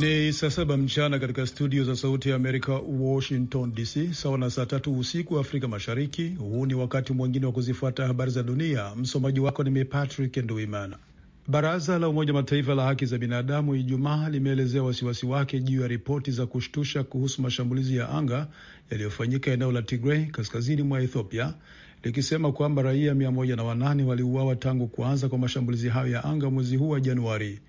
Ni saa saba mchana katika studio za Sauti ya Amerika, Washington DC, sawa na saa tatu usiku wa Afrika Mashariki. Huu ni wakati mwingine wa kuzifuata habari za dunia. Msomaji wako ni mimi Patrick Nduimana. Baraza la Umoja Mataifa la haki za binadamu Ijumaa limeelezea wasiwasi wake juu ya ripoti za kushtusha kuhusu mashambulizi ya anga yaliyofanyika eneo la Tigray kaskazini mwa Ethiopia, likisema kwamba raia 108 waliuawa tangu kuanza kwa mashambulizi hayo ya anga mwezi huu wa Januari.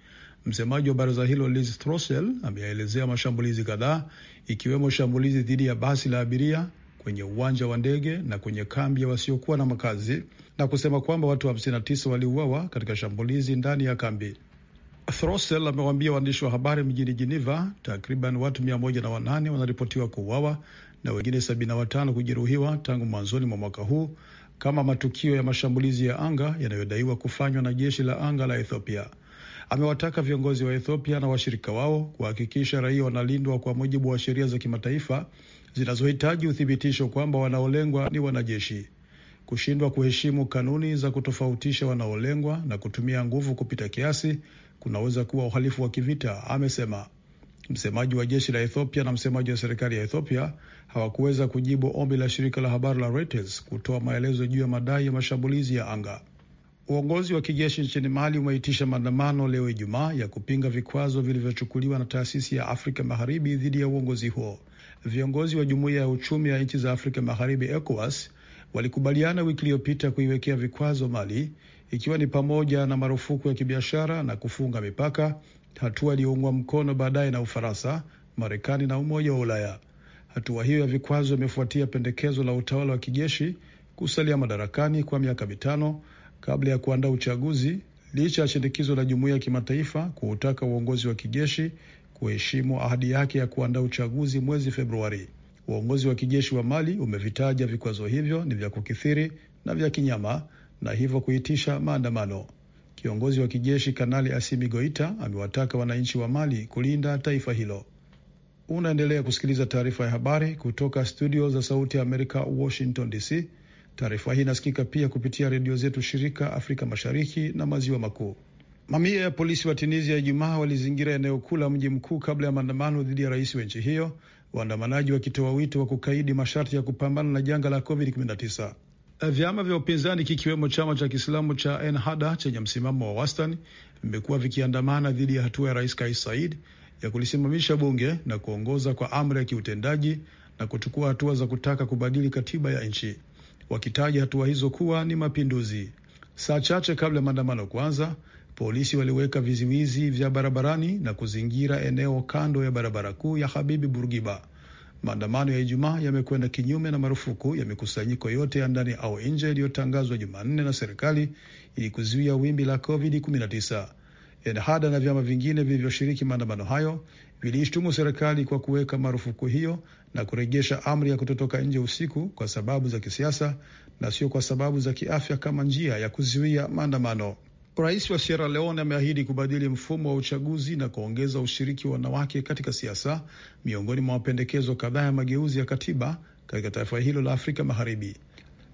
Msemaji wa baraza hilo Liz Throssell ameyaelezea mashambulizi kadhaa ikiwemo shambulizi dhidi ya basi la abiria kwenye uwanja wa ndege na kwenye kambi ya wasiokuwa na makazi na kusema kwamba watu 59 waliuawa katika shambulizi ndani ya kambi. Throssell amewaambia waandishi wa habari mjini Geneva takriban watu 108 wanaripotiwa kuuawa na wengine 75 kujeruhiwa tangu mwanzoni mwa mwaka huu kama matukio ya mashambulizi ya anga yanayodaiwa kufanywa na jeshi la anga la Ethiopia amewataka viongozi wa Ethiopia na washirika wao kuhakikisha raia wanalindwa kwa mujibu wa sheria za kimataifa zinazohitaji uthibitisho kwamba wanaolengwa ni wanajeshi. Kushindwa kuheshimu kanuni za kutofautisha wanaolengwa na kutumia nguvu kupita kiasi kunaweza kuwa uhalifu wa kivita, amesema. Msemaji wa jeshi la Ethiopia na msemaji wa serikali ya Ethiopia hawakuweza kujibu ombi la shirika la habari la Reuters kutoa maelezo juu ya madai ya mashambulizi ya anga. Uongozi wa kijeshi nchini Mali umeitisha maandamano leo Ijumaa ya kupinga vikwazo vilivyochukuliwa na taasisi ya Afrika Magharibi dhidi ya uongozi huo. Viongozi wa jumuiya ya uchumi ya nchi za Afrika Magharibi, ECOWAS, walikubaliana wiki iliyopita kuiwekea vikwazo Mali, ikiwa ni pamoja na marufuku ya kibiashara na kufunga mipaka, hatua iliyoungwa mkono baadaye na Ufaransa, Marekani na Umoja wa Ulaya. Hatua hiyo ya vikwazo imefuatia pendekezo la utawala wa kijeshi kusalia madarakani kwa miaka mitano kabla ya kuandaa uchaguzi licha ya shinikizo la jumuiya ya kimataifa kuutaka uongozi wa kijeshi kuheshimu ahadi yake ya kuandaa uchaguzi mwezi Februari. Uongozi wa kijeshi wa Mali umevitaja vikwazo hivyo ni vya kukithiri na vya kinyama na hivyo kuitisha maandamano. Kiongozi wa kijeshi Kanali Asimi Goita amewataka wananchi wa Mali kulinda taifa hilo. Unaendelea kusikiliza taarifa ya habari kutoka studio za Sauti ya Amerika, Washington DC. Taarifa hii inasikika pia kupitia redio zetu shirika Afrika Mashariki na Maziwa Makuu. Mamia ya polisi wa Tunisia Ijumaa walizingira eneo kuu la mji mkuu kabla ya maandamano dhidi ya rais wa nchi hiyo, waandamanaji wakitoa wito wa kukaidi masharti ya kupambana na janga la COVID-19. Eh, vyama vya upinzani kikiwemo chama cha Kiislamu cha Ennahda chenye msimamo wa wastani vimekuwa vikiandamana dhidi ya hatua ya rais Kais Saied ya kulisimamisha bunge na kuongoza kwa amri ya kiutendaji na kuchukua hatua za kutaka kubadili katiba ya nchi wakitaja hatua hizo kuwa ni mapinduzi. Saa chache kabla ya maandamano kuanza, polisi waliweka vizuizi vya barabarani na kuzingira eneo kando ya barabara kuu ya Habibi Burgiba. Maandamano ya Ijumaa yamekwenda kinyume na marufuku ya mikusanyiko yote ya ndani au nje iliyotangazwa Jumanne na serikali ili kuzuia wimbi la COVID-19. Ennahda na vyama vingine vilivyoshiriki maandamano hayo viliishtumu serikali kwa kuweka marufuku hiyo na kurejesha amri ya kutotoka nje usiku kwa sababu za kisiasa na sio kwa sababu za kiafya kama njia ya kuzuia maandamano. Rais wa Sierra Leone ameahidi kubadili mfumo wa uchaguzi na kuongeza ushiriki wa wanawake katika siasa, miongoni mwa mapendekezo kadhaa ya mageuzi ya katiba katika taifa hilo la Afrika Magharibi.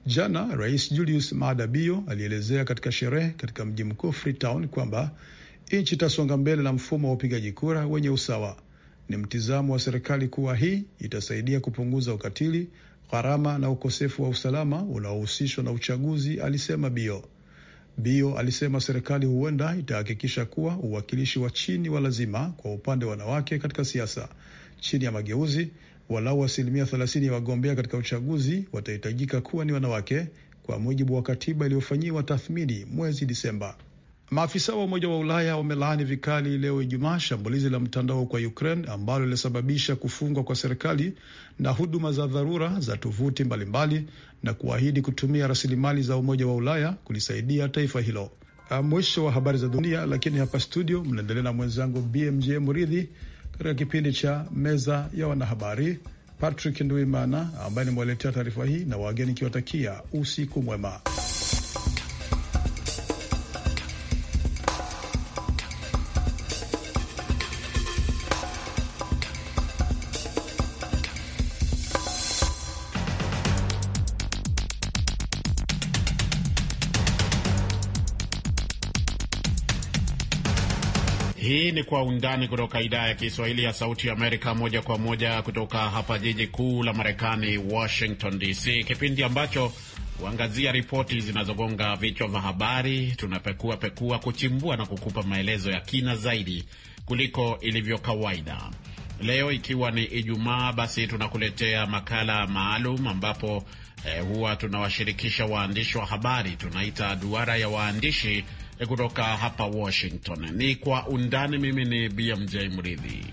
Jana Rais Julius Maada Bio alielezea katika sherehe katika mji mkuu Freetown kwamba nchi itasonga mbele na mfumo wa upigaji kura wenye usawa. Ni mtizamo wa serikali kuwa hii itasaidia kupunguza ukatili, gharama na ukosefu wa usalama unaohusishwa na uchaguzi, alisema Bio. Bio alisema serikali huenda itahakikisha kuwa uwakilishi wa chini wa lazima kwa upande wa wanawake katika siasa chini ya mageuzi, walau asilimia thelathini ya wagombea katika uchaguzi watahitajika kuwa ni wanawake, kwa mujibu wa katiba iliyofanyiwa tathmini mwezi Disemba. Maafisa wa Umoja wa Ulaya wamelaani vikali leo Ijumaa shambulizi la mtandao kwa Ukraine ambalo lilisababisha kufungwa kwa serikali na huduma za dharura za tovuti mbalimbali na kuahidi kutumia rasilimali za Umoja wa Ulaya kulisaidia taifa hilo. Ah, mwisho wa habari za dunia, lakini hapa studio mnaendelea na mwenzangu BMJ Muridhi katika kipindi cha meza ya wanahabari. Patrick Nduimana ambaye nimewaletea taarifa hii na wageni kiwatakia usiku mwema. ni Kwa Undani kutoka idhaa ya Kiswahili ya Sauti ya Amerika, moja kwa moja kutoka hapa jiji kuu la Marekani, Washington DC, kipindi ambacho huangazia ripoti zinazogonga vichwa vya habari. Tunapekua pekua, kuchimbua na kukupa maelezo ya kina zaidi kuliko ilivyo kawaida. Leo ikiwa ni Ijumaa, basi tunakuletea makala maalum ambapo eh, huwa tunawashirikisha waandishi wa habari, tunaita duara ya waandishi E kutoka hapa Washington. Ni kwa undani. Mimi ni BMJ Mridhi.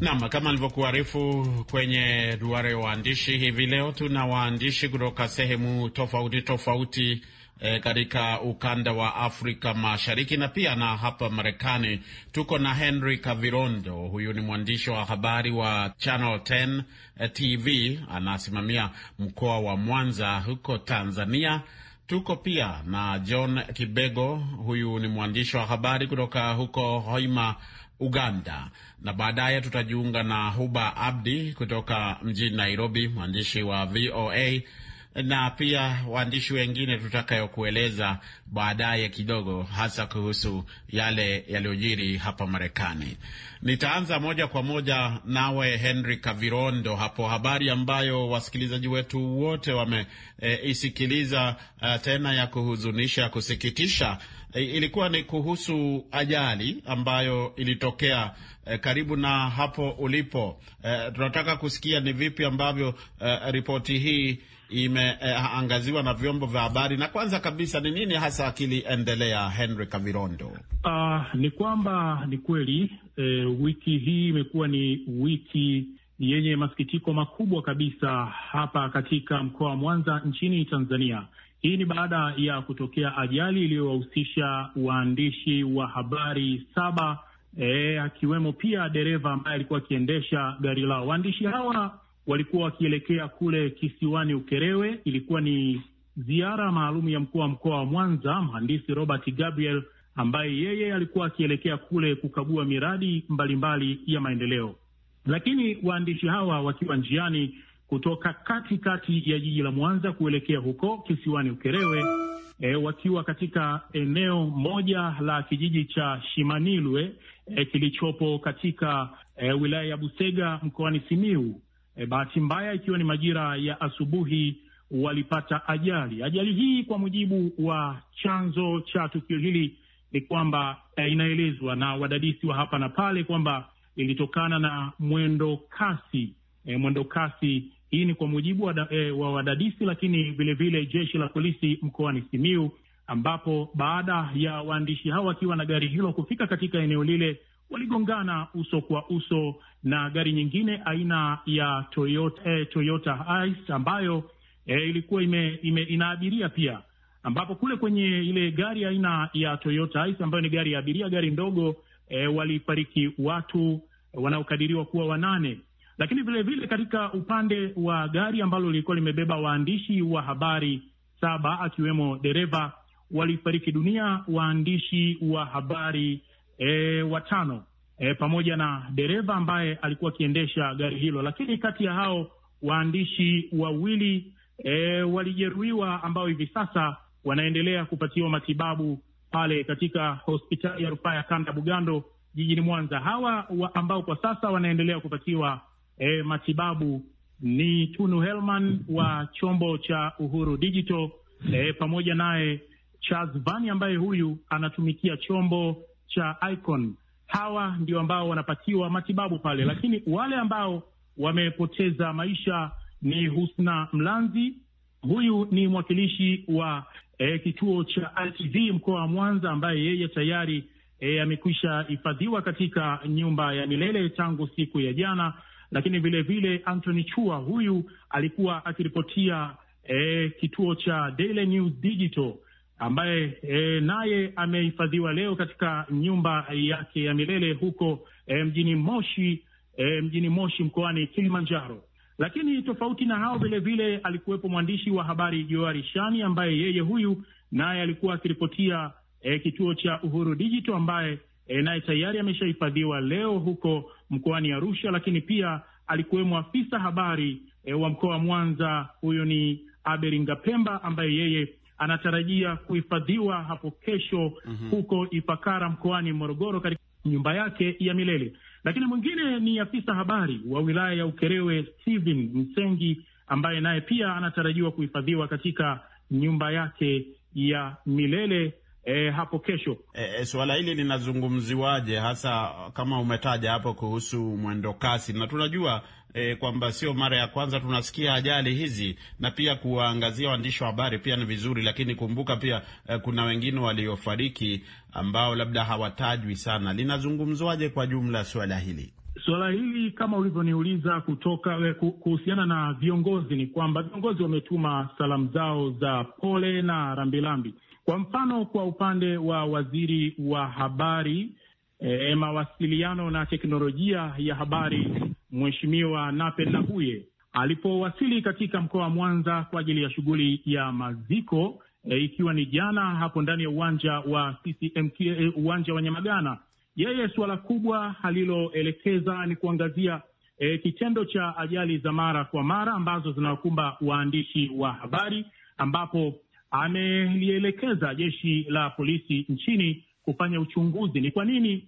Nam, kama nilivyokuarifu kwenye duara ya waandishi, hivi leo tuna waandishi kutoka sehemu tofauti tofauti e, katika ukanda wa Afrika Mashariki na pia na hapa Marekani. Tuko na Henry Kavirondo, huyu ni mwandishi wa habari wa Channel 10 e, TV, anasimamia mkoa wa Mwanza huko Tanzania. Tuko pia na John Kibego, huyu ni mwandishi wa habari kutoka huko Hoima Uganda na baadaye tutajiunga na Huba Abdi kutoka mjini Nairobi, mwandishi wa VOA na pia waandishi wengine tutakayokueleza baadaye kidogo, hasa kuhusu yale yaliyojiri hapa Marekani. Nitaanza moja kwa moja nawe Henry Kavirondo hapo, habari ambayo wasikilizaji wetu wote wameisikiliza e, e, tena ya kuhuzunisha, kusikitisha e, ilikuwa ni kuhusu ajali ambayo ilitokea eh, karibu na hapo ulipo. Eh, tunataka kusikia ni vipi ambavyo eh, ripoti hii imeangaziwa eh, na vyombo vya habari. Na kwanza kabisa ni nini hasa kiliendelea, Henry Kavirondo? Uh, ni kwamba ni kweli eh, wiki hii imekuwa ni wiki yenye masikitiko makubwa kabisa hapa katika mkoa wa Mwanza nchini Tanzania. Hii ni baada ya kutokea ajali iliyowahusisha waandishi wa habari saba, e, akiwemo pia dereva ambaye alikuwa akiendesha gari lao. Waandishi hawa walikuwa wakielekea kule kisiwani Ukerewe. Ilikuwa ni ziara maalum ya mkuu wa mkoa wa Mwanza, mhandisi Robert Gabriel, ambaye yeye alikuwa akielekea kule kukagua miradi mbalimbali mbali ya maendeleo. Lakini waandishi hawa wakiwa njiani kutoka katikati kati ya jiji la Mwanza kuelekea huko kisiwani Ukerewe, e, wakiwa katika eneo moja la kijiji cha Shimanilwe e, kilichopo katika e, wilaya ya Busega mkoani Simiu E, bahati mbaya ikiwa ni majira ya asubuhi walipata ajali. Ajali hii kwa mujibu wa chanzo cha tukio hili ni kwamba e, inaelezwa na wadadisi wa hapa na pale kwamba ilitokana na mwendo kasi. e, mwendo kasi hii ni kwa mujibu wa, e, wa wadadisi, lakini vilevile jeshi la polisi mkoani Simiu, ambapo baada ya waandishi hao wakiwa na gari hilo kufika katika eneo lile waligongana uso kwa uso na gari nyingine aina ya Toyota, eh, Toyota Hiace ambayo eh, ilikuwa ime, ime, inaabiria pia, ambapo kule kwenye ile gari aina ya Toyota Hiace ambayo ni gari ya abiria, gari ndogo eh, walifariki watu wanaokadiriwa kuwa wanane. Lakini vilevile vile katika upande wa gari ambalo lilikuwa limebeba waandishi wa habari saba akiwemo dereva walifariki dunia waandishi wa habari eh, watano e, pamoja na dereva ambaye alikuwa akiendesha gari hilo, lakini kati ya hao waandishi wawili e, walijeruhiwa ambao hivi sasa wanaendelea kupatiwa matibabu pale katika hospitali ya rufaa ya kanda Bugando jijini Mwanza. Hawa wa ambao kwa sasa wanaendelea kupatiwa e, matibabu ni Tunu Helman wa chombo cha Uhuru Digital e, pamoja naye Charles Vani ambaye huyu anatumikia chombo cha Icon hawa ndio ambao wanapatiwa matibabu pale, lakini wale ambao wamepoteza maisha ni Husna Mlanzi. Huyu ni mwakilishi wa e, kituo cha ITV mkoa wa Mwanza, ambaye yeye tayari e, amekwisha hifadhiwa katika nyumba ya milele tangu siku ya jana. Lakini vilevile Anthony Chua, huyu alikuwa akiripotia e, kituo cha Daily News Digital ambaye e, naye amehifadhiwa leo katika nyumba yake ya milele huko e, mjini Moshi e, mjini Moshi mkoani Kilimanjaro. Lakini tofauti na hao, vilevile alikuwepo mwandishi wa habari Joari Shani ambaye yeye huyu naye alikuwa akiripotia e, kituo cha Uhuru Digital ambaye e, naye tayari ameshahifadhiwa leo huko mkoani Arusha. Lakini pia alikuwemo afisa habari e, wa mkoa wa Mwanza, huyu ni Aberi Ngapemba ambaye yeye anatarajia kuhifadhiwa hapo kesho mm -hmm. huko Ifakara mkoani Morogoro katika nyumba yake ya milele. Lakini mwingine ni afisa habari wa wilaya ya Ukerewe Steven Msengi ambaye naye pia anatarajiwa kuhifadhiwa katika nyumba yake ya milele e, hapo kesho. E, e suala hili linazungumziwaje hasa kama umetaja hapo kuhusu mwendokasi na tunajua eh, kwamba sio mara ya kwanza tunasikia ajali hizi, na pia kuwaangazia waandishi wa habari pia ni vizuri, lakini kumbuka pia eh, kuna wengine waliofariki ambao labda hawatajwi sana. Linazungumzwaje kwa jumla suala hili? Suala hili kama ulivyoniuliza, kutoka eh, kuhusiana na viongozi, ni kwamba viongozi wametuma salamu zao za pole na rambirambi. Kwa mfano, kwa upande wa waziri wa habari e, mawasiliano na teknolojia ya habari Mheshimiwa Nape Nnauye alipowasili katika mkoa wa Mwanza kwa ajili ya shughuli ya maziko e, ikiwa ni jana hapo ndani ya uwanja wa CCMK, e, uwanja wa Nyamagana, yeye suala kubwa aliloelekeza ni kuangazia e, kitendo cha ajali za mara kwa mara ambazo zinawakumba waandishi wa habari, ambapo amelielekeza jeshi la polisi nchini kufanya uchunguzi ni kwa nini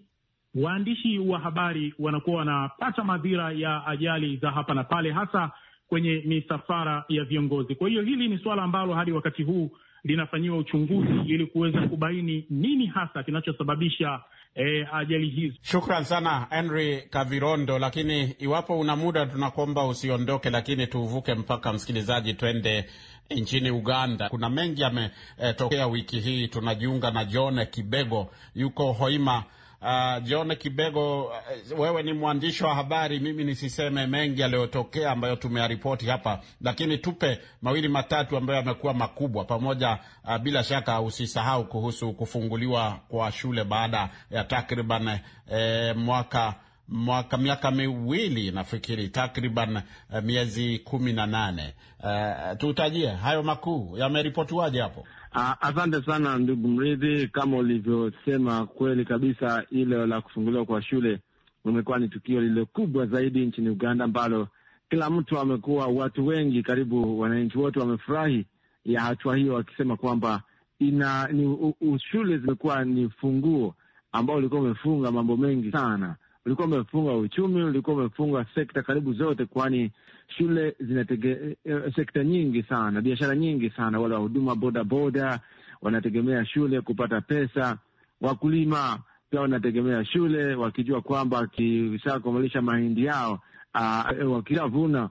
waandishi wa habari wanakuwa wanapata madhira ya ajali za hapa na pale, hasa kwenye misafara ya viongozi. Kwa hiyo hili ni suala ambalo hadi wakati huu linafanyiwa uchunguzi ili kuweza kubaini nini hasa kinachosababisha E, ajali hizo. Shukran sana Henry Kavirondo, lakini iwapo una muda tunakuomba usiondoke, lakini tuvuke mpaka msikilizaji, twende nchini Uganda. Kuna mengi yametokea wiki hii. Tunajiunga na John Kibego, yuko Hoima Uh, John Kibego, uh, wewe ni mwandishi wa habari, mimi nisiseme mengi yaliyotokea ambayo tumeyaripoti hapa, lakini tupe mawili matatu ambayo yamekuwa makubwa pamoja. Uh, bila shaka usisahau kuhusu kufunguliwa kwa shule baada ya takriban eh, mwaka mwaka miaka miwili nafikiri takriban eh, miezi kumi na nane. Uh, tutajie hayo makuu yameripotiwaje hapo? Ah, asante sana ndugu Mridhi, kama ulivyosema, kweli kabisa, ile la kufunguliwa kwa shule limekuwa ni tukio lililo kubwa zaidi nchini Uganda, ambalo kila mtu amekuwa, watu wengi, karibu wananchi wote wamefurahi ya hatua hiyo, wakisema kwamba ina ni, u, u, shule zimekuwa ni funguo ambao ulikuwa umefunga mambo mengi sana ulikuwa umefunga uchumi, ulikuwa umefunga sekta karibu zote, kwani shule zinatege eh, eh, sekta nyingi sana, biashara nyingi sana, wale wahuduma bodaboda wanategemea shule kupata pesa, wakulima pia wanategemea shule, wakijua kwamba wakisaa kumalisha mahindi yao ah, eh, wakiavuna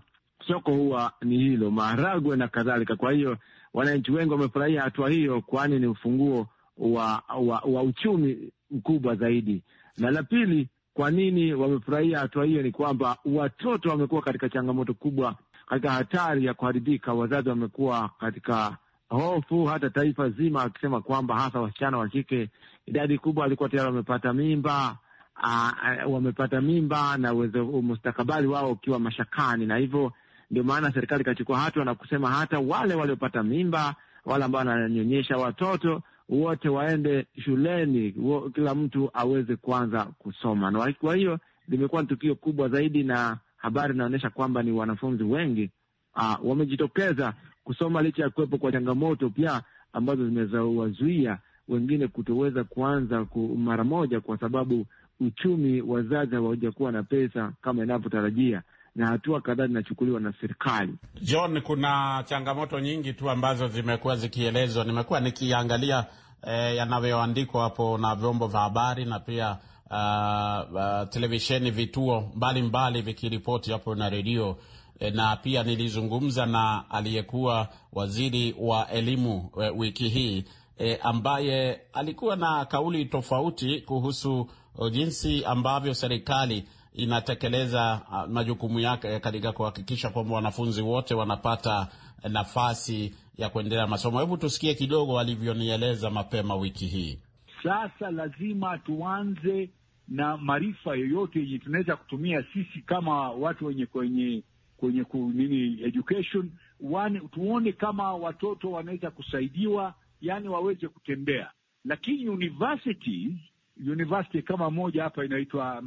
soko huwa ni hilo maharagwe na kadhalika. Kwa hiyo wananchi wengi wamefurahia hatua hiyo, kwani ni ufunguo wa, wa, wa uchumi mkubwa zaidi. Na la pili, kwa nini wamefurahia hatua hiyo? Ni kwamba watoto wamekuwa katika changamoto kubwa, katika hatari ya kuharibika. Wazazi wamekuwa katika hofu, hata taifa zima, akisema kwamba hasa wasichana wa kike idadi kubwa walikuwa tayari wamepata mimba a, a, wamepata mimba na uwezo mustakabali wao ukiwa mashakani, na hivyo ndio maana serikali ikachukua hatua na kusema hata wale waliopata mimba, wale ambao wananyonyesha watoto wote waende shuleni, kila mtu aweze kuanza kusoma, na kwa hiyo limekuwa ni tukio kubwa zaidi, na habari inaonyesha kwamba ni wanafunzi wengi ah, wamejitokeza kusoma licha ya kuwepo kwa changamoto pia ambazo zimezawazuia wengine kutoweza kuanza mara moja, kwa sababu uchumi, wazazi hawajakuwa na pesa kama inavyotarajia na hatua kadhaa zinachukuliwa na serikali. John, kuna changamoto nyingi tu ambazo zimekuwa zikielezwa. Nimekuwa nikiangalia eh, yanavyoandikwa hapo na vyombo vya habari na pia uh, uh, televisheni, vituo mbalimbali vikiripoti hapo na redio eh, na pia nilizungumza na aliyekuwa waziri wa elimu eh, wiki hii eh, ambaye alikuwa na kauli tofauti kuhusu eh, jinsi ambavyo serikali inatekeleza ah, majukumu yake katika kuhakikisha kwamba wanafunzi wote wanapata nafasi ya kuendelea masomo. Hebu tusikie kidogo alivyonieleza mapema wiki hii. Sasa lazima tuanze na maarifa yoyote yenye tunaweza kutumia sisi kama watu wenye kwenye kwenye nini education wane, tuone kama watoto wanaweza kusaidiwa, yani waweze kutembea. Lakini universities university kama moja hapa inaitwa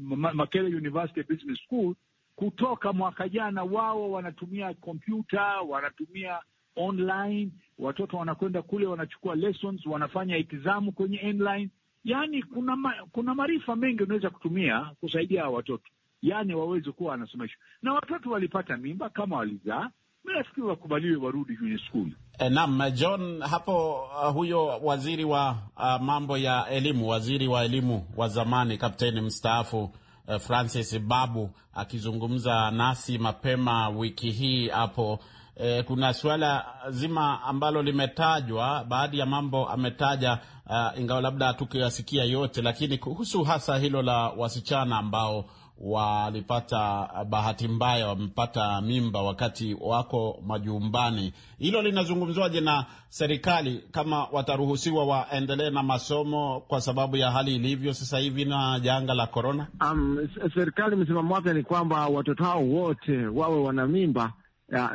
uh, Makerere University Business School kutoka mwaka jana, wao wanatumia kompyuta, wanatumia online, watoto wanakwenda kule, wanachukua lessons, wanafanya itizamu kwenye online. Yani kuna ma, kuna maarifa mengi unaweza kutumia kusaidia hawa watoto, yani waweze kuwa wanasomeshwa. Na watoto walipata mimba kama walizaa, nafikiri wakubaliwe warudi kwenye skuli. E, eh, naam John hapo. Uh, huyo waziri wa uh, mambo ya elimu, waziri wa elimu wa zamani, kapteni mstaafu Eh, Francis Babu akizungumza nasi mapema wiki hii hapo. E, kuna suala zima ambalo limetajwa, baadhi ya mambo ametaja, uh, ingawa labda hatukuyasikia yote, lakini kuhusu hasa hilo la wasichana ambao walipata bahati mbaya, wamepata mimba wakati wako majumbani. Hilo linazungumzwaje na serikali, kama wataruhusiwa waendelee na masomo kwa sababu ya hali ilivyo sasa hivi na janga la korona? Um, serikali msimamo wake ni kwamba watoto hao wote wawe wana mimba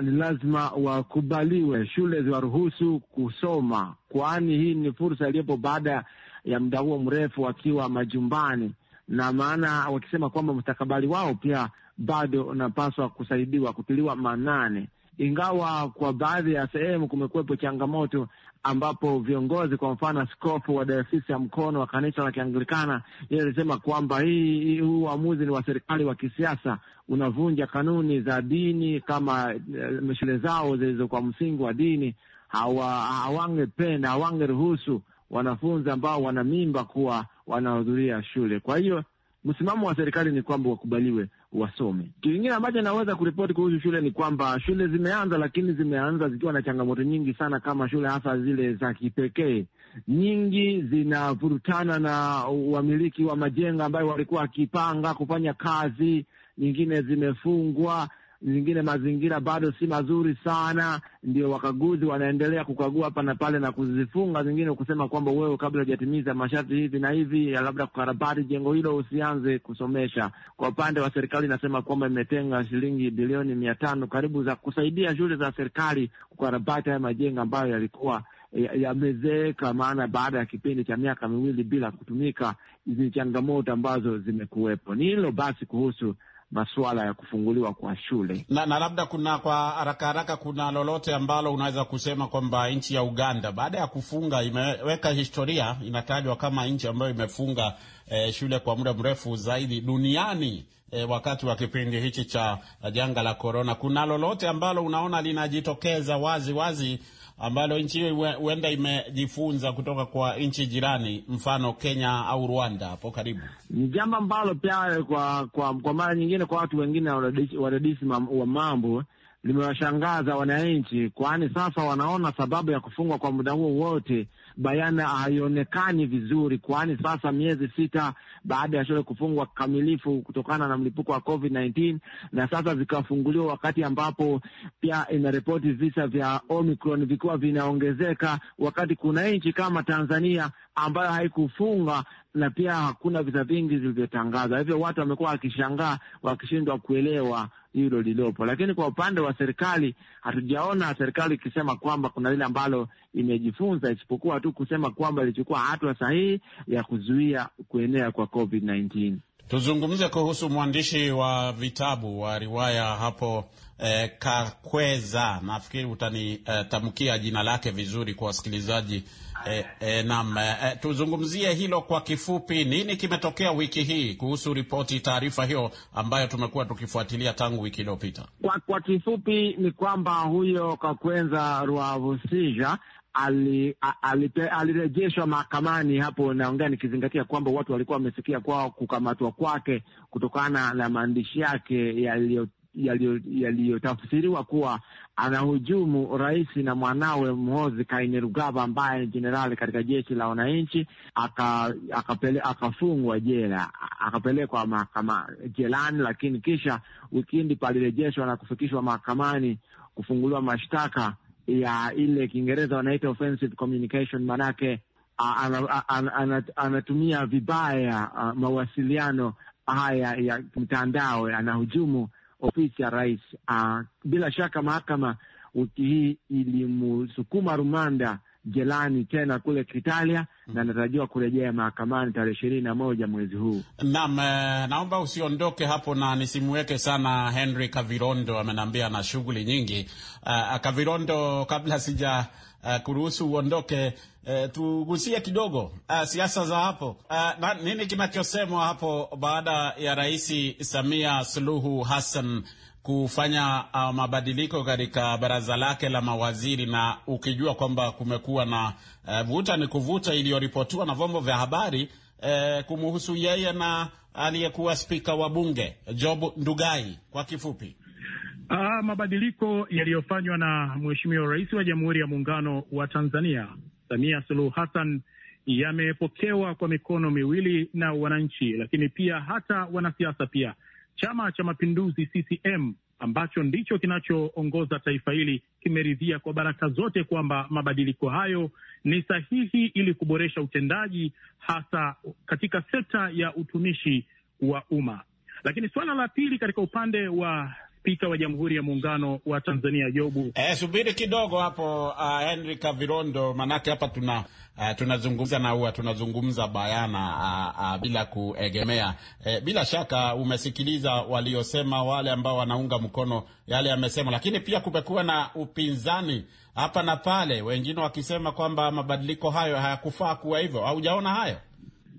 ni lazima wakubaliwe, shule ziwaruhusu kusoma, kwani hii ni fursa iliyopo baada ya muda huo mrefu wakiwa majumbani na maana wakisema kwamba mustakabali wao pia bado unapaswa kusaidiwa kutiliwa manane, ingawa kwa baadhi ya sehemu kumekuwepo changamoto ambapo viongozi kwa mfano askofu wa dayosisi ya mkono wa kanisa la Kianglikana yeye alisema kwamba hii huu uamuzi ni wa serikali wa kisiasa, unavunja kanuni za dini kama eh, shule zao zilizo kwa msingi wa dini. Hawangependa, hawangeruhusu wanafunzi ambao wana mimba kuwa wanahudhuria shule. Kwa hiyo msimamo wa serikali ni kwamba wakubaliwe wasome. Kitu kingine ambacho naweza kuripoti kuhusu shule ni kwamba shule zimeanza, lakini zimeanza zikiwa na changamoto nyingi sana, kama shule hasa zile za kipekee. Nyingi zinavurutana na wamiliki wa majengo ambayo walikuwa wakipanga kufanya kazi, nyingine zimefungwa, zingine mazingira bado si mazuri sana, ndio wakaguzi wanaendelea kukagua hapa na pale na kuzifunga zingine, kusema kwamba wewe kabla hujatimiza masharti hivi na hivi, labda kukarabati jengo hilo usianze kusomesha. Kwa upande wa serikali inasema kwamba imetenga shilingi bilioni mia tano karibu za kusaidia shule za serikali kukarabati haya majengo ambayo yalikuwa yamezeeka ya maana, baada ya kipindi cha miaka miwili bila kutumika. Hizi changamoto ambazo zimekuwepo ni hilo basi kuhusu masuala ya kufunguliwa kwa shule na, na labda kuna kwa haraka haraka, kuna lolote ambalo unaweza kusema kwamba nchi ya Uganda baada ya kufunga imeweka historia, inatajwa kama nchi ambayo imefunga eh, shule kwa muda mrefu zaidi duniani eh, wakati wa kipindi hichi cha janga la korona. Kuna lolote ambalo unaona linajitokeza wazi wazi ambalo nchi hiyo huenda imejifunza kutoka kwa nchi jirani, mfano Kenya au Rwanda hapo karibu. Ni jambo ambalo pia kwa, kwa, kwa mara nyingine kwa watu wengine wadadisi wa mambo limewashangaza wananchi, kwani sasa wanaona sababu ya kufungwa kwa muda huo wote bayana haionekani vizuri, kwani sasa miezi sita baada ya shule kufungwa kikamilifu kutokana na mlipuko wa COVID-19 na sasa zikafunguliwa wakati ambapo pia inaripoti visa vya Omicron vikiwa vinaongezeka, wakati kuna nchi kama Tanzania ambayo haikufunga na pia hakuna visa vingi vilivyotangazwa. Hivyo watu wamekuwa wakishangaa wakishindwa kuelewa hilo lililopo. Lakini kwa upande wa serikali, hatujaona serikali ikisema kwamba kuna lile ambalo imejifunza, isipokuwa tu kusema kwamba ilichukua hatua sahihi ya kuzuia kuenea kwa COVID-19. Tuzungumze kuhusu mwandishi wa vitabu wa riwaya hapo eh, Kakweza, nafikiri utanitamkia eh, jina lake vizuri kwa wasikilizaji Eh, eh, naam, eh, eh, tuzungumzie hilo kwa kifupi. Nini kimetokea wiki hii kuhusu ripoti, taarifa hiyo ambayo tumekuwa tukifuatilia tangu wiki iliyopita? Kwa, kwa kifupi ni kwamba huyo Kakwenza Rwabusija alirejeshwa ali, mahakamani. Hapo naongea nikizingatia kwamba watu walikuwa wamesikia kwao kukamatwa kwake kutokana na maandishi yake yaliyo yaliyotafsiriwa kuwa anahujumu rais na mwanawe Mhozi Kainerugaba ambaye ni jenerali katika jeshi la wananchi, akafungwa aka jela, akapelekwa mahakama jelani, lakini kisha wikindi palirejeshwa na kufikishwa mahakamani kufunguliwa mashtaka ya ile Kiingereza wanaita offensive communication, manake anatumia vibaya mawasiliano haya ya mtandao, anahujumu ofisi ya rais. Ah, bila shaka mahakama wiki hii ilimsukuma rumanda jelani tena kule Kitalia mm, na anatarajiwa kurejea mahakamani tarehe ishirini na moja mwezi huu. Naam, eh, naomba usiondoke hapo na nisimuweke sana Henry Kavirondo, amenaambia na shughuli nyingi. Uh, Kavirondo, kabla sija uh, kuruhusu uondoke, uh, tugusie kidogo uh, siasa za hapo uh, na, nini kinachosemwa hapo baada ya Rais Samia Suluhu Hassan kufanya uh, mabadiliko katika baraza lake la mawaziri, na ukijua kwamba kumekuwa na uh, vuta ni kuvuta iliyoripotiwa na vyombo vya habari uh, kumuhusu yeye na aliyekuwa spika wa bunge Job Ndugai kwa kifupi. uh, mabadiliko yaliyofanywa na Mheshimiwa Rais wa Jamhuri ya Muungano wa Tanzania Samia Suluhu Hassan yamepokewa kwa mikono miwili na wananchi, lakini pia hata wanasiasa pia Chama cha Mapinduzi CCM ambacho ndicho kinachoongoza taifa hili kimeridhia kwa baraka zote kwamba mabadiliko hayo ni sahihi ili kuboresha utendaji hasa katika sekta ya utumishi wa umma. Lakini suala la pili katika upande wa spika wa Jamhuri ya Muungano wa Tanzania Jobu. Eh, subiri kidogo hapo, uh, Henry Kavirondo, manake hapa tuna uh, tunazungumza na huwa tunazungumza bayana uh, uh, bila kuegemea eh, bila shaka umesikiliza waliosema wale ambao wanaunga mkono yale yamesema, lakini pia kumekuwa na upinzani hapa na pale, wengine wakisema kwamba mabadiliko hayo hayakufaa kuwa hivyo. Haujaona hayo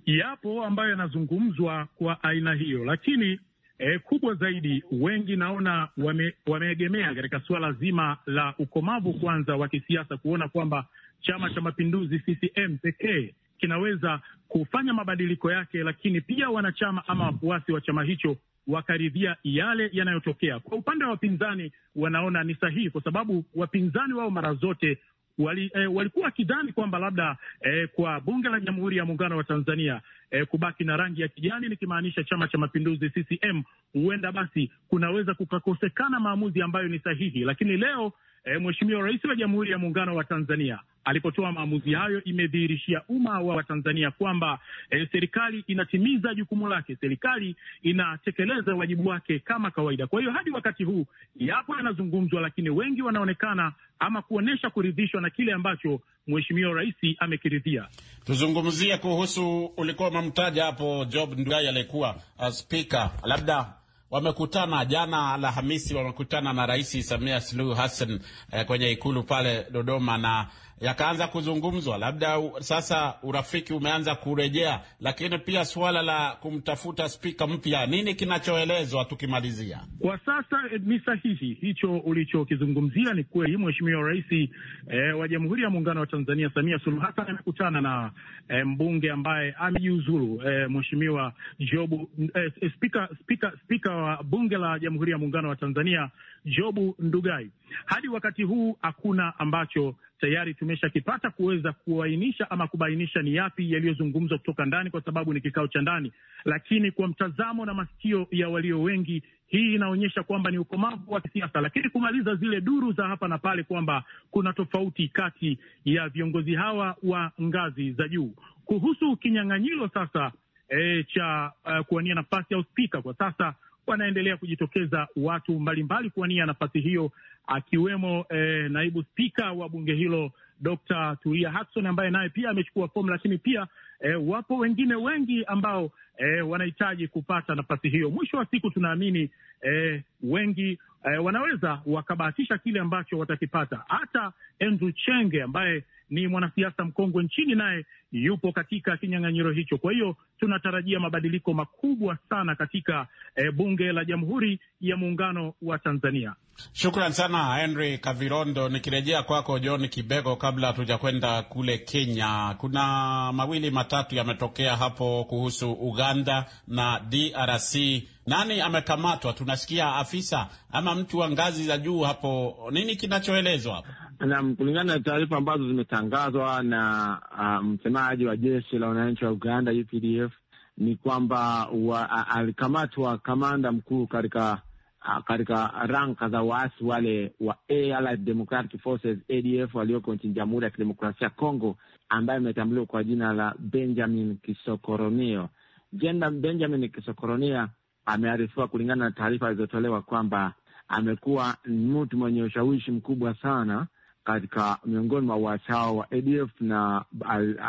yapo ambayo yanazungumzwa kwa aina hiyo, lakini e, kubwa zaidi, wengi naona wame, wameegemea katika suala zima la ukomavu kwanza wa kisiasa, kuona kwamba Chama cha Mapinduzi CCM pekee kinaweza kufanya mabadiliko yake, lakini pia wanachama ama wafuasi wa chama hicho wakaridhia yale yanayotokea. Kwa upande wa wapinzani, wanaona ni sahihi, kwa sababu wapinzani wao mara zote wali, e, walikuwa wakidhani kwamba labda e, kwa bunge la Jamhuri ya Muungano wa Tanzania e, kubaki na rangi ya kijani nikimaanisha Chama cha Mapinduzi CCM, huenda basi kunaweza kukakosekana maamuzi ambayo ni sahihi, lakini leo e, Mheshimiwa Rais wa Jamhuri ya Muungano wa Tanzania alipotoa maamuzi hayo imedhihirishia umma wa Watanzania kwamba e, serikali inatimiza jukumu lake, serikali inatekeleza wajibu wake kama kawaida. Kwa hiyo hadi wakati huu yapo yanazungumzwa, lakini wengi wanaonekana ama kuonyesha kuridhishwa na kile ambacho Mheshimiwa Rais amekiridhia. Tuzungumzie kuhusu, ulikuwa umemtaja hapo Job Ndugai aliyekuwa uh, spika, labda wamekutana jana Alhamisi, wamekutana na Rais Samia Suluhu Hassan eh, kwenye ikulu pale Dodoma na yakaanza kuzungumzwa, labda sasa urafiki umeanza kurejea, lakini pia suala la kumtafuta spika mpya, nini kinachoelezwa? Tukimalizia kwa sasa, eh, ni sahihi hicho ulichokizungumzia, ni kweli. Mheshimiwa Rais eh, wa Jamhuri ya Muungano wa Tanzania Samia Suluhu Hassan amekutana na eh, mbunge ambaye amejiuzuru eh, Mheshimiwa Jobu eh, spika, spika, spika wa Bunge la Jamhuri ya Muungano wa Tanzania Jobu Ndugai. Hadi wakati huu hakuna ambacho tayari tumeshakipata kuweza kuainisha ama kubainisha ni yapi yaliyozungumzwa kutoka ndani, kwa sababu ni kikao cha ndani. Lakini kwa mtazamo na masikio ya walio wengi, hii inaonyesha kwamba ni ukomavu wa kisiasa, lakini kumaliza zile duru za hapa na pale kwamba kuna tofauti kati ya viongozi hawa wa ngazi za juu kuhusu kinyang'anyiro sasa e, cha uh, kuwania nafasi ya uspika kwa sasa wanaendelea kujitokeza watu mbalimbali kuwania nafasi hiyo, akiwemo eh, naibu spika wa bunge hilo Dr. Tulia Ackson ambaye naye pia amechukua fomu, lakini pia eh, wapo wengine wengi ambao eh, wanahitaji kupata nafasi hiyo. Mwisho wa siku tunaamini eh, wengi eh, wanaweza wakabahatisha kile ambacho watakipata. Hata Andrew Chenge ambaye ni mwanasiasa mkongwe nchini, naye yupo katika kinyang'anyiro hicho. Kwa hiyo tunatarajia mabadiliko makubwa sana katika e, bunge la Jamhuri ya Muungano wa Tanzania. Shukran sana Henry Kavirondo. Nikirejea kwako John Kibego, kabla hatujakwenda kule Kenya, kuna mawili matatu yametokea hapo kuhusu Uganda na DRC. Nani amekamatwa? Tunasikia afisa ama mtu wa ngazi za juu hapo. Nini kinachoelezwa hapo? Naam, kulingana na taarifa ambazo zimetangazwa na ah, msemaji um, wa jeshi la wananchi wa Uganda UPDF ni kwamba alikamatwa kamanda mkuu katika ah, katika ranka za waasi wale wa Allied Democratic Forces ADF walioko nchini Jamhuri ya Kidemokrasia ya Kongo, ambaye ametambuliwa kwa jina la Benjamin Kisokoroneo. Jenda Benjamin Kisokoronia amearifiwa kulingana na taarifa alizotolewa kwamba amekuwa mtu mwenye ushawishi mkubwa sana katika miongoni mwa waasi hao wa ADF na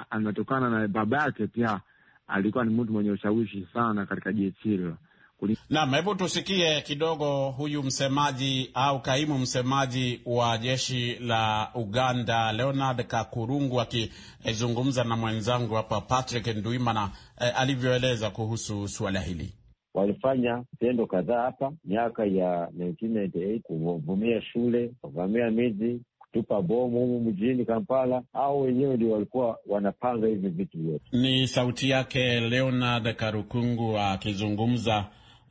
anatokana na baba yake pia alikuwa ni mtu mwenye ushawishi sana katika jeshi hilo. Naam, hebu tusikie kidogo huyu msemaji au kaimu msemaji wa jeshi la Uganda Leonard Kakurungu akizungumza na mwenzangu hapa Patrick Nduimana eh, alivyoeleza kuhusu suala hili. Walifanya tendo kadhaa hapa miaka ya 1998 kuvamia shule, kuvamia miji, kutupa bomu humu mjini Kampala, au wenyewe ndio walikuwa wanapanga hivi vitu vyote. Ni sauti yake Leonard Karukungu akizungumza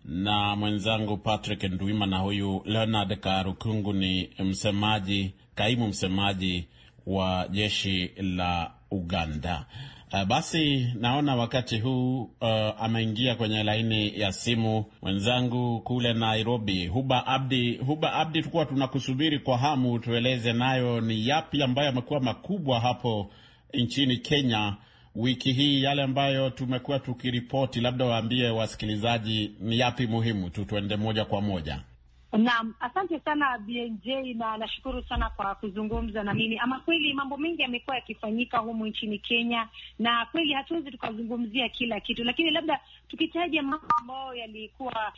na mwenzangu Patrick Ndwimana. Huyu Leonard Karukungu ni msemaji, kaimu msemaji wa jeshi la Uganda. Uh, basi naona wakati huu uh, ameingia kwenye laini ya simu mwenzangu kule Nairobi, Huba Abdi. Huba Abdi, tukuwa tunakusubiri kwa hamu, tueleze nayo ni yapi ambayo yamekuwa makubwa hapo nchini Kenya wiki hii, yale ambayo tumekuwa tukiripoti, labda waambie wasikilizaji ni yapi muhimu tu, tuende moja kwa moja. Naam, asante sana BNJ, na nashukuru sana kwa kuzungumza na mimi. Ama kweli mambo mengi yamekuwa yakifanyika humu nchini Kenya, na kweli hatuwezi tukazungumzia kila kitu, lakini labda tukitaja mambo ambayo yalikuwa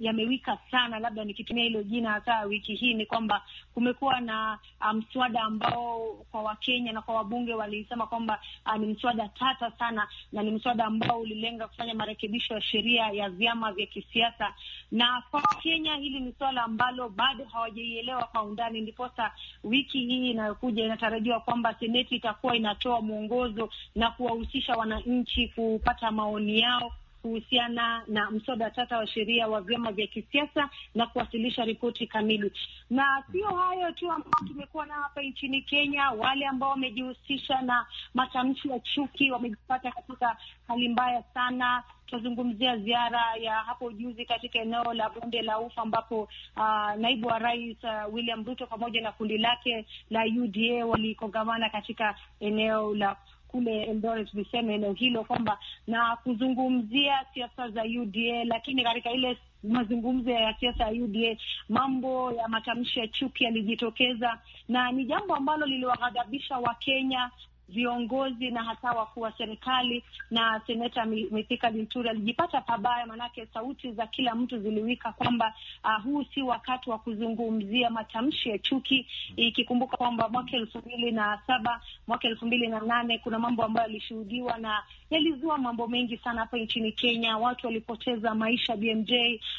yamewika ya sana, labda nikitumia hilo jina, hata wiki hii ni kwamba kumekuwa na um, mswada um, ambao kwa Wakenya na kwa wabunge walisema kwamba uh, ni mswada tata sana, na ni mswada ambao ulilenga kufanya marekebisho ya sheria ya vyama vya kisiasa, na kwa Kenya hili ni swala ambalo bado hawajaielewa kwa undani, ndiposa wiki hii inayokuja inatarajiwa kwamba seneti itakuwa inatoa mwongozo na kuwahusisha wananchi kupata maoni yao kuhusiana na mswada tata wa sheria wa vyama vya kisiasa na kuwasilisha ripoti kamili. Na sio hayo tu ambao tumekuwa nao hapa nchini Kenya, wale ambao wamejihusisha na matamshi ya chuki wamejipata katika hali mbaya sana. Tunazungumzia ziara ya hapo juzi katika eneo la bonde la Ufa ambapo uh, naibu wa rais uh, William Ruto pamoja na kundi lake la UDA walikongamana katika eneo la kule Eldoret, niseme eneo hilo kwamba na kuzungumzia siasa za UDA, lakini katika ile mazungumzo ya siasa ya UDA mambo ya matamshi ya chuki yalijitokeza, na ni jambo ambalo liliwaghadhabisha Wakenya viongozi na hata wakuu wa serikali. Na seneta Mithika Linturi alijipata pabaya, maanake sauti za kila mtu ziliwika kwamba uh, huu si wakati wa kuzungumzia matamshi ya chuki, ikikumbuka kwamba mwaka elfu mbili na saba mwaka elfu mbili na nane kuna mambo ambayo yalishuhudiwa na yalizua mambo mengi sana hapa nchini Kenya. Watu walipoteza maisha bmj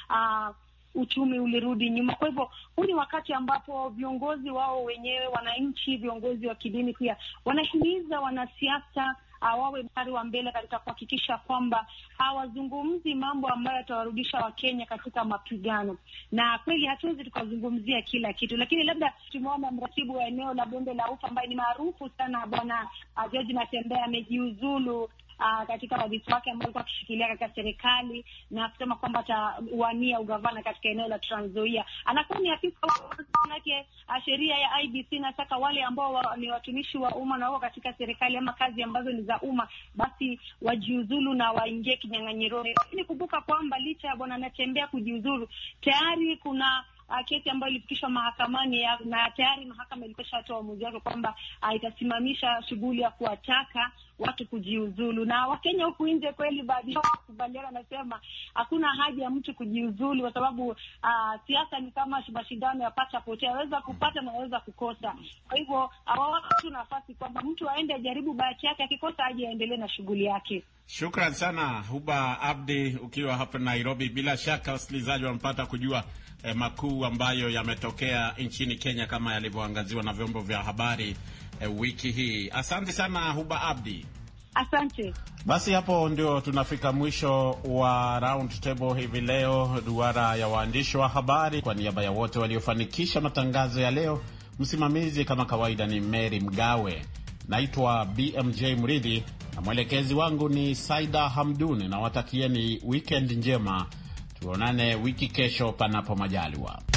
uh, ah, uchumi ulirudi nyuma. Kwa hivyo huu ni wakati ambapo viongozi wao wenyewe, wananchi, viongozi wa kidini pia wanahimiza wanasiasa ah, wawe mstari wa mbele katika kuhakikisha kwamba hawazungumzi mambo ambayo yatawarudisha Wakenya katika mapigano. Na kweli hatuwezi tukazungumzia kila kitu, lakini labda tumeona mratibu wa eneo la bonde la ufa ambaye ni maarufu sana, Bwana ah, George Matembea amejiuzulu uh, katika wadhifa wake ambao alikuwa akishikilia katika serikali na kusema kwamba atawania ugavana katika eneo la Trans Nzoia. Anakuwa ni afisa manake uh, sheria ya IBC nataka wale ambao wa, ni watumishi wa umma na wako katika serikali ama kazi ambazo ni za umma, basi wajiuzulu na waingie kinyang'anyironi. Lakini kumbuka kwamba licha ya bwana anatembea kujiuzulu tayari kuna Uh, kesi ambayo ilifikishwa mahakamani ya, na tayari mahakama ilikushatoa uamuzi wake kwamba uh, itasimamisha shughuli ya kuwataka watu kujiuzulu. Na Wakenya huku nje kweli, baadhi yao wakubaliana, anasema hakuna haja ya mtu kujiuzulu kwa sababu uh, siasa ni kama mashindano ya pata potea, aweza kupata na aweza kukosa. Kwa hivyo hawawapa tu nafasi kwamba mtu aende ajaribu bahati yake, akikosa aje aendelee na shughuli yake. Shukran sana Huba Abdi, ukiwa hapa Nairobi. Bila shaka wasikilizaji wamepata kujua eh, makuu ambayo yametokea nchini Kenya kama yalivyoangaziwa na vyombo vya habari Eh, wiki hii. Asante sana Huba Abdi. Asante. Basi hapo ndio tunafika mwisho wa round table hivi leo, duara ya waandishi wa habari. Kwa niaba ya wote waliofanikisha matangazo ya leo, msimamizi kama kawaida ni Mary Mgawe, naitwa BMJ Mridhi na mwelekezi wangu ni Saida Hamdun. Nawatakieni wikend njema, tuonane wiki kesho, panapo majaliwa.